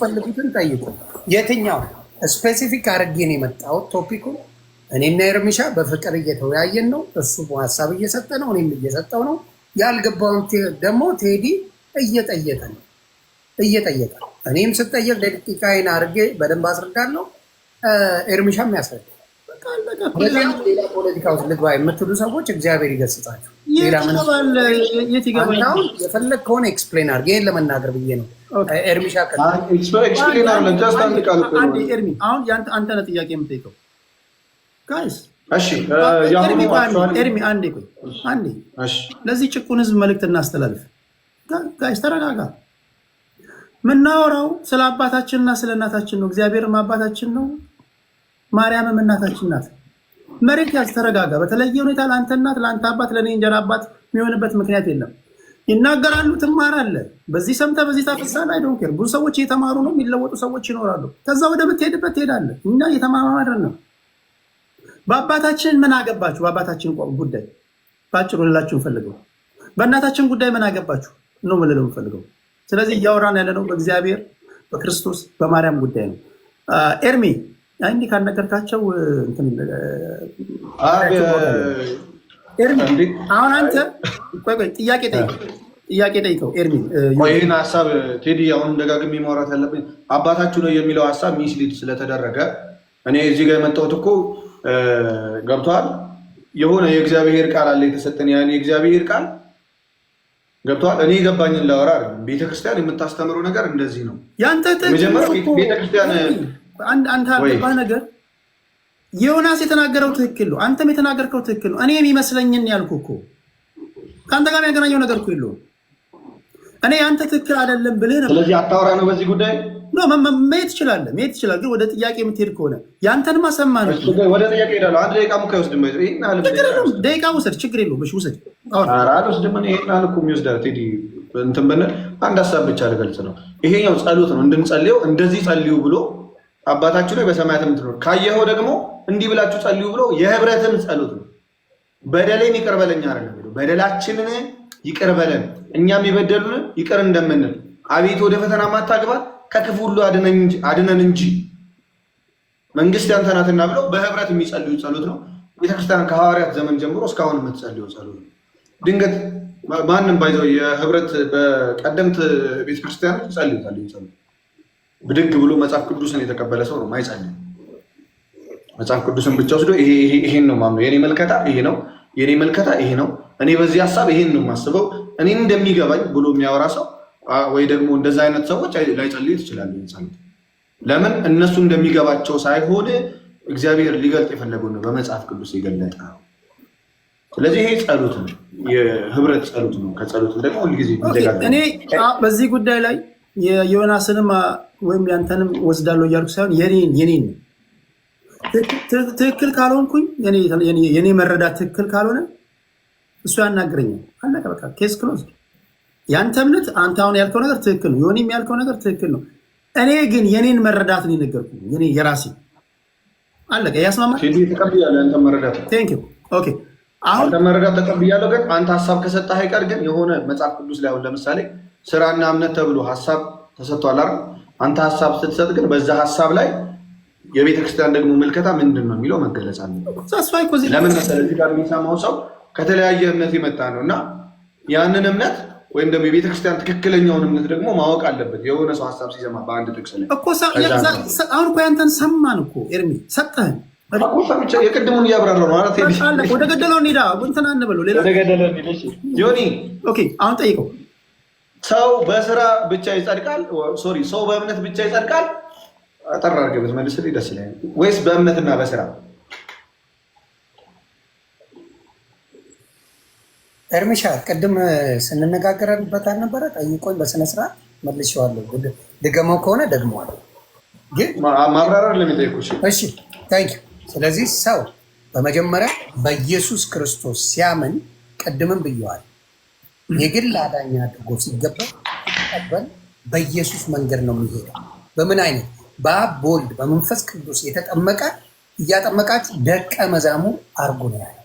የምትፈልጉትን ጠይቁ። የትኛው ስፔሲፊክ አድርጌ ነው የመጣሁት ቶፒኩ። እኔና ኤርሚሻ በፍቅር እየተወያየን ነው። እሱ ሀሳብ እየሰጠ ነው፣ እኔም እየሰጠው ነው። ያልገባውን ደግሞ ቴዲ እየጠየቀ ነው እየጠየቀ ነው። እኔም ስጠየቅ ደቂቃዬን አድርጌ በደንብ አስረዳለሁ። ኤርሚሻም ያስረዳ። ሌላ ፖለቲካ ውስጥ ልግባ የምትሉ ሰዎች እግዚአብሔር ይገስጻቸው። ሌላ ምንም የፈለግ ከሆነ ኤክስፕሌን አድርጌ ይህን ለመናገር ብዬ ነው አሁን አንተ ነህ ጥያቄ የምጠይቀው። ጋይስ ኤርሚ አንዴ ቆይ አንዴ፣ ለዚህ ጭቁን ህዝብ መልእክት እናስተላልፍ። ጋይስ ተረጋጋ። ምናወራው ስለ አባታችንና ስለ እናታችን ነው። እግዚአብሔርም አባታችን ነው፣ ማርያምም እናታችን ናት። መሬት ያዝ፣ ተረጋጋ። በተለየ ሁኔታ ለአንተ እናት፣ ለአንተ አባት፣ ለእኔ እንጀራ አባት የሚሆንበት ምክንያት የለም። ይናገራሉ፣ ትማራለህ። በዚህ ሰምተህ በዚህ ታፈሳለህ። አይ ዶንት ኬር። ብዙ ሰዎች እየተማሩ ነው፣ የሚለወጡ ሰዎች ይኖራሉ። ከዛ ወደ ምትሄድበት ትሄዳለህ። እኛ እየተማማርን ነው። በአባታችን ምን አገባችሁ? በአባታችን ጉዳይ በአጭሩ ልላችሁ እንፈልገው። በእናታችን ጉዳይ ምን አገባችሁ ነው ምልለው እንፈልገው። ስለዚህ እያወራን ያለነው በእግዚአብሔር በክርስቶስ በማርያም ጉዳይ ነው። ኤርሚ እንዲህ ካልነገርካቸው እንትን አሁን አንተ ጥያቄ ጠይቀው ጥያቄ ጠይቀው ኤርሚ ይህን ሀሳብ ቴዲ አሁን ደጋግሜ ማውራት ያለብኝ አባታችሁ ነው የሚለው ሀሳብ ሚስሊድ ስለተደረገ እኔ እዚህ ጋር የመጣሁት እኮ ገብተዋል። የሆነ የእግዚአብሔር ቃል አለ የተሰጠን ያን የእግዚአብሔር ቃል ገብተዋል። እኔ የገባኝን ላወራ ቤተክርስቲያን የምታስተምረው ነገር እንደዚህ ነው። ያንተ ቤተክርስቲያን አንተ አልገባህ ነገር ዮናስ የተናገረው ትክክል ነው። አንተም የተናገርከው ትክክል ነው። እኔ የሚመስለኝን ያልኩ እኮ ከአንተ ጋር የሚያገናኘው ነገር እኮ የለውም። እኔ አንተ ትክክል አይደለም ብልህ ነበር። ስለዚህ አታወራ ነው በዚህ ጉዳይ መሄድ ትችላለህ፣ መሄድ ትችላለህ። ግን ወደ ጥያቄ የምትሄድ ከሆነ ያንተን ማሰማ ነው። ወደ ጥያቄ እሄዳለሁ። አንድ ደቂቃ ውሰድ፣ ችግር የለውም። እሺ ውሰድ። እንትን በነ አንድ ሀሳብ ብቻ ልገልጽ ነው። ይሄኛው ጸሎት ነው እንድንጸልየው እንደዚህ ጸልዩ ብሎ አባታችን ላይ በሰማያት የምትኖር ካየኸው ደግሞ እንዲህ ብላችሁ ጸልዩ ብሎ የህብረትን ጸሎት ነው። በደሌን ይቅር በለኝ አይደለም ብሎ በደላችንን ይቅር በለን እኛም የበደሉን ይቅር እንደምንል አቤት ወደ ፈተና ማታግባት ከክፉ ሁሉ አድነን እንጂ መንግስት ያንተ ናትና ብለው በህብረት የሚጸልዩ ጸሎት ነው። ቤተክርስቲያን ከሐዋርያት ዘመን ጀምሮ እስካሁን የምትጸልዩ ጸሎት ነው። ድንገት ማንም ባይዘው የህብረት በቀደምት ቤተክርስቲያኖች ይጸልዩታል። ብድግ ብሎ መጽሐፍ ቅዱስን የተቀበለ ሰው ነው ማይጸልይ መጽሐፍ ቅዱስን ብቻ ወስዶ ይሄን ነው ማምነው፣ የኔ መልከታ ይሄ ነው፣ የኔ መልከታ ይሄ ነው፣ እኔ በዚህ ሀሳብ ይሄን ነው የማስበው፣ እኔ እንደሚገባኝ ብሎ የሚያወራ ሰው ወይ ደግሞ እንደዛ አይነት ሰዎች ላይጸልዩ ይችላሉ። ለምን እነሱ እንደሚገባቸው ሳይሆን እግዚአብሔር ሊገልጥ የፈለገው ነው በመጽሐፍ ቅዱስ የገለጠ። ነው። ስለዚህ ይሄ ጸሎት ነው፣ የህብረት ጸሎት ነው። ከጸሎት ደግሞ ሁልጊዜ እኔ በዚህ ጉዳይ ላይ የዮናስንም ወይም ያንተንም ወስዳለሁ እያልኩ ሳይሆን የኔን የኔን ነው ትክክል ካልሆንኩኝ የኔ መረዳት ትክክል ካልሆነ እሱ ያናግረኛል። አለቀ በቃ ኬስ ክሎዝ። ያንተ እምነት አንተ አሁን ያልከው ነገር ትክክል ነው። ዮኒም ያልከው ነገር ትክክል ነው። እኔ ግን የኔን መረዳት ነው የነገርኩ የኔ የራሴ አለቀ። ያስማማል። አሁን መረዳት ተቀብያለሁ። ግን አንተ ሀሳብ ከሰጠህ አይቀር ግን የሆነ መጽሐፍ ቅዱስ ላይ አሁን ለምሳሌ ስራና እምነት ተብሎ ሀሳብ ተሰጥቷል። አንተ ሀሳብ ስትሰጥ ግን በዛ ሀሳብ ላይ የቤተ ክርስቲያን ደግሞ ምልከታ ምንድን ነው የሚለው መገለጽ አለ። ለምን መሰለህ እዚህ ጋር የሚሰማው ሰው ከተለያየ እምነት የመጣ ነው እና ያንን እምነት ወይም ደግሞ የቤተ ክርስቲያን ትክክለኛውን እምነት ደግሞ ማወቅ አለበት። የሆነ ሰው ሀሳብ ሲሰማ በአንድ ጥቅስ ላይ አሁን እኮ ያንተን ሰማን እኮ ኤርሚ ሰጠህን የቅድሙን እያብራራ ነው ማለት ወደ ገደለው እንትን አንበለው ወደ ገደለው ዮኒ አሁን ጠይቀው ሰው በስራ ብቻ ይጸድቃል? ሶሪ ሰው በእምነት ብቻ ይጸድቃል አጠር አድርገህ ብትመልስልኝ ደስ ይለኛል። ወይስ በእምነትና በስራ እርምሻ? ቅድም ስንነጋገርበት አልነበረ? ጠይቆኝ በስነስርዓት መልሼዋለሁ። ድገመው ከሆነ ደግመዋለሁ። ግን ማብራሪያ ለሚጠይቁሽ። ታንኪ። ስለዚህ ሰው በመጀመሪያ በኢየሱስ ክርስቶስ ሲያምን ቅድምም ብየዋል፣ የግል አዳኝ አድርጎ ሲገባ በኢየሱስ መንገድ ነው የሚሄደው። በምን አይነት በአብ በወልድ በመንፈስ ቅዱስ የተጠመቀ እያጠመቃችሁ ደቀ መዛሙ አርጉ ነው ያለ።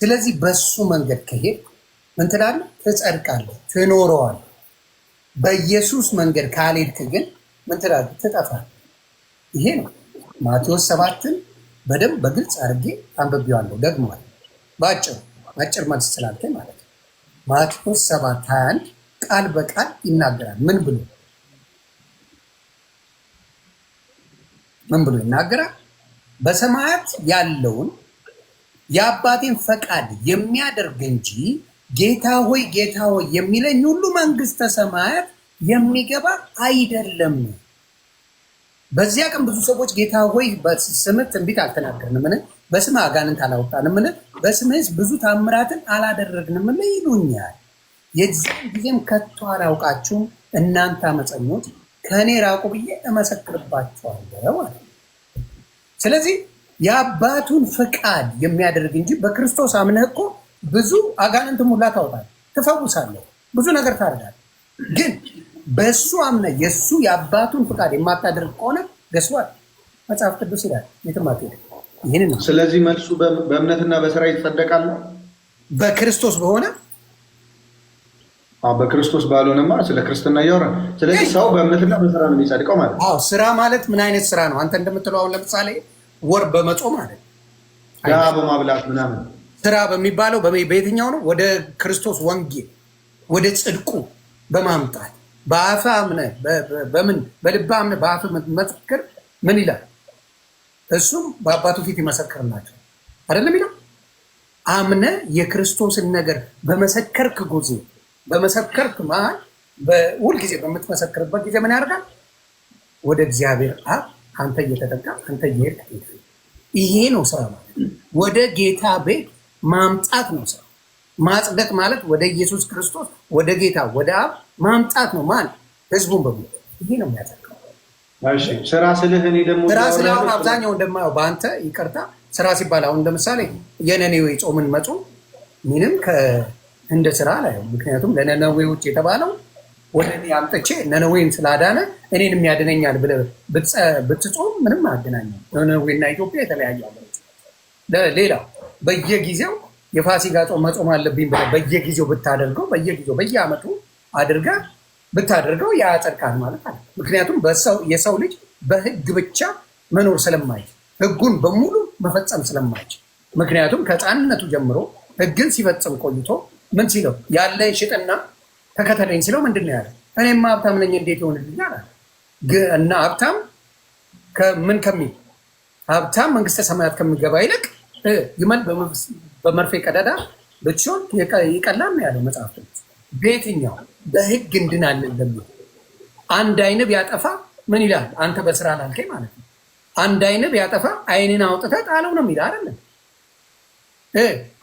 ስለዚህ በሱ መንገድ ከሄድ ምን ትላለህ? ትጸድቃለህ፣ ትኖረዋለህ። በኢየሱስ መንገድ ካልሄድክ ግን ምን ትላለህ? ትጠፋለህ። ይሄ ነው ማቴዎስ ሰባትን በደንብ በግልጽ አድርጌ አንብቤዋለሁ። ደግሞ በአጭሩ አጭር መልስ ስላልከኝ ማለት ነው። ማቴዎስ ሰባት 21 ቃል በቃል ይናገራል። ምን ብሎ ምን ብሎ ይናገራል? በሰማያት ያለውን የአባቴን ፈቃድ የሚያደርግ እንጂ ጌታ ሆይ ጌታ ሆይ የሚለኝ ሁሉ መንግስተ ሰማያት የሚገባ አይደለም። በዚያ ቀን ብዙ ሰዎች ጌታ ሆይ በስምህ ትንቢት አልተናገርንምን? በስምህ አጋንንት አላወጣንምን? በስምህስ ብዙ ታምራትን አላደረግንምን? ይሉኛል። የዚያን ጊዜም ከቶ አላውቃችሁም እናንተ አመፀኞች ከእኔ ራቁ ብዬ እመሰክርባቸዋለሁ ማለት ነው። ስለዚህ የአባቱን ፍቃድ የሚያደርግ እንጂ በክርስቶስ አምነህ እኮ ብዙ አጋንንት ሙላ ታወጣለህ፣ ትፈውሳለህ፣ ብዙ ነገር ታደርጋል። ግን በእሱ አምነህ የእሱ የአባቱን ፍቃድ የማታደርግ ከሆነ ገስዋል መጽሐፍ ቅዱስ ይላል የትም አትሄድም። ይህንን ስለዚህ መልሱ በእምነትና በስራ ይጸደቃል በክርስቶስ በሆነ በክርስቶስ ባልሆነማ ስለ ክርስትና እያወራ ስለዚህ ሰው በእምነትና በስራ ነው የሚጸድቀው ማለት ነው። ስራ ማለት ምን አይነት ስራ ነው? አንተ እንደምትለው አሁን ለምሳሌ ወር በመጾ ማለት ዳ በማብላት ምናምን ስራ በሚባለው በየትኛው ነው? ወደ ክርስቶስ ወንጌል ወደ ጽድቁ በማምጣት በአፈ አምነ በምን በልባ አምነ በአፈ መመስከር ምን ይላል? እሱም በአባቱ ፊት ይመሰክርላቸው አይደለም ይለው አምነ የክርስቶስን ነገር በመሰከርክ ጊዜ በመሰከርክ መሀል ሁልጊዜ በምትመሰክርበት ጊዜ ምን ያደርጋል? ወደ እግዚአብሔር አብ አንተ እየተጠጋ አንተ እየሄድ ይሄ ነው ስራ ማለት ወደ ጌታ ቤት ማምጣት ነው ስራ። ማጽደቅ ማለት ወደ ኢየሱስ ክርስቶስ ወደ ጌታ ወደ አብ ማምጣት ነው ማለት ህዝቡን በሙ ይሄ ነው የሚያጠቀው ስራ ስልህ እኔ ደግሞ ስራ ስለ አሁን አብዛኛው እንደማየው በአንተ ይቅርታ ስራ ሲባል አሁን እንደምሳሌ የነኔ ወይ ጾምን መጾም ምንም እንደ ስራ ላይ ምክንያቱም ለነነዌዎች የተባለው ወደ እኔ አምጥቼ ነነዌን ስላዳነ እኔንም ያድነኛል ብለህ ብትጾም ምንም አያገናኘ። ነነዌና ኢትዮጵያ የተለያዩ ሀገሮች። በየጊዜው የፋሲካ ጾም መጾም አለብኝ ብለህ በየጊዜው ብታደርገው በየጊዜው በየአመቱ አድርጋ ብታደርገው ያጸድቃል ማለት አለ። ምክንያቱም የሰው ልጅ በህግ ብቻ መኖር ስለማይችል ህጉን በሙሉ መፈጸም ስለማይችል ምክንያቱም ከህፃንነቱ ጀምሮ ህግን ሲፈጽም ቆይቶ ምን ሲለው ያለህን ሽጥና ተከተለኝ ሲለው ምንድን ነው ያለ? እኔማ ሀብታም ነኝ እንዴት ይሆንልኛል? እና ሀብታም ምን ከሚል ሀብታም መንግስተ ሰማያት ከሚገባ ይልቅ ይመል በመርፌ ቀዳዳ ብትሆን ይቀላል ያለው መጽሐፍ። በየትኛው በህግ እንድናለን ለሚ አንድ አይን ቢያጠፋ ምን ይላል? አንተ በስራ ላልከኝ ማለት ነው። አንድ አይን ቢያጠፋ አይንን አውጥተህ ጣለው ነው የሚል አይደለም።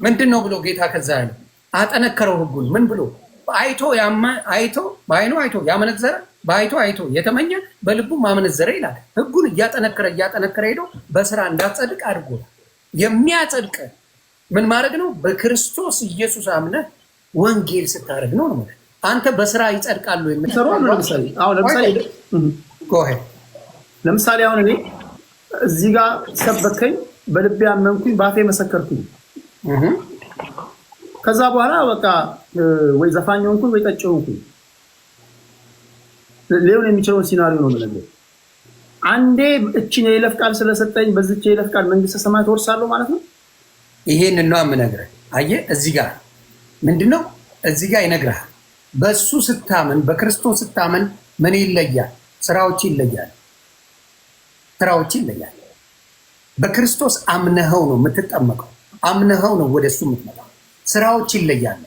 ምንድን ነው ብሎ ጌታ ከዛ ያለው አጠነከረው ህጉን ምን ብሎ አይቶ አይቶ በአይኑ አይቶ ያመነዘረ በአይቶ አይቶ የተመኘ በልቡ ማመነዘረ ይላል። ህጉን እያጠነከረ እያጠነከረ ሄዶ በስራ እንዳጸድቅ አድርጎታል። የሚያጸድቅ ምን ማድረግ ነው? በክርስቶስ ኢየሱስ አምነህ ወንጌል ስታደርግ ነው ነው አንተ በስራ ይጸድቃሉ ለምሳሌ አሁን እኔ እዚህ ጋር ሰበከኝ፣ በልቤ ያመንኩኝ፣ በአፌ መሰከርኩኝ ከዛ በኋላ በቃ ወይ ዘፋኝ ሆንኩኝ ወይ ጠጭ ሆንኩኝ። ሊሆን የሚችለውን ሲናሪዮ ነው የምነግርህ። አንዴ እችን የይለፍ ቃል ስለሰጠኝ በዚች የይለፍ ቃል መንግስተ ሰማያት ወርሳለሁ ማለት ነው። ይሄን ነው የምነግርህ። አየህ እዚህ ጋር ምንድን ነው እዚህ ጋር ይነግርሃል። በእሱ ስታምን፣ በክርስቶስ ስታምን ምን ይለያል? ስራዎች ይለያል። ስራዎች ይለያል። በክርስቶስ አምነኸው ነው የምትጠመቀው። አምነኸው ነው ወደ እሱ የምትመጣው። ስራዎች ይለያሉ።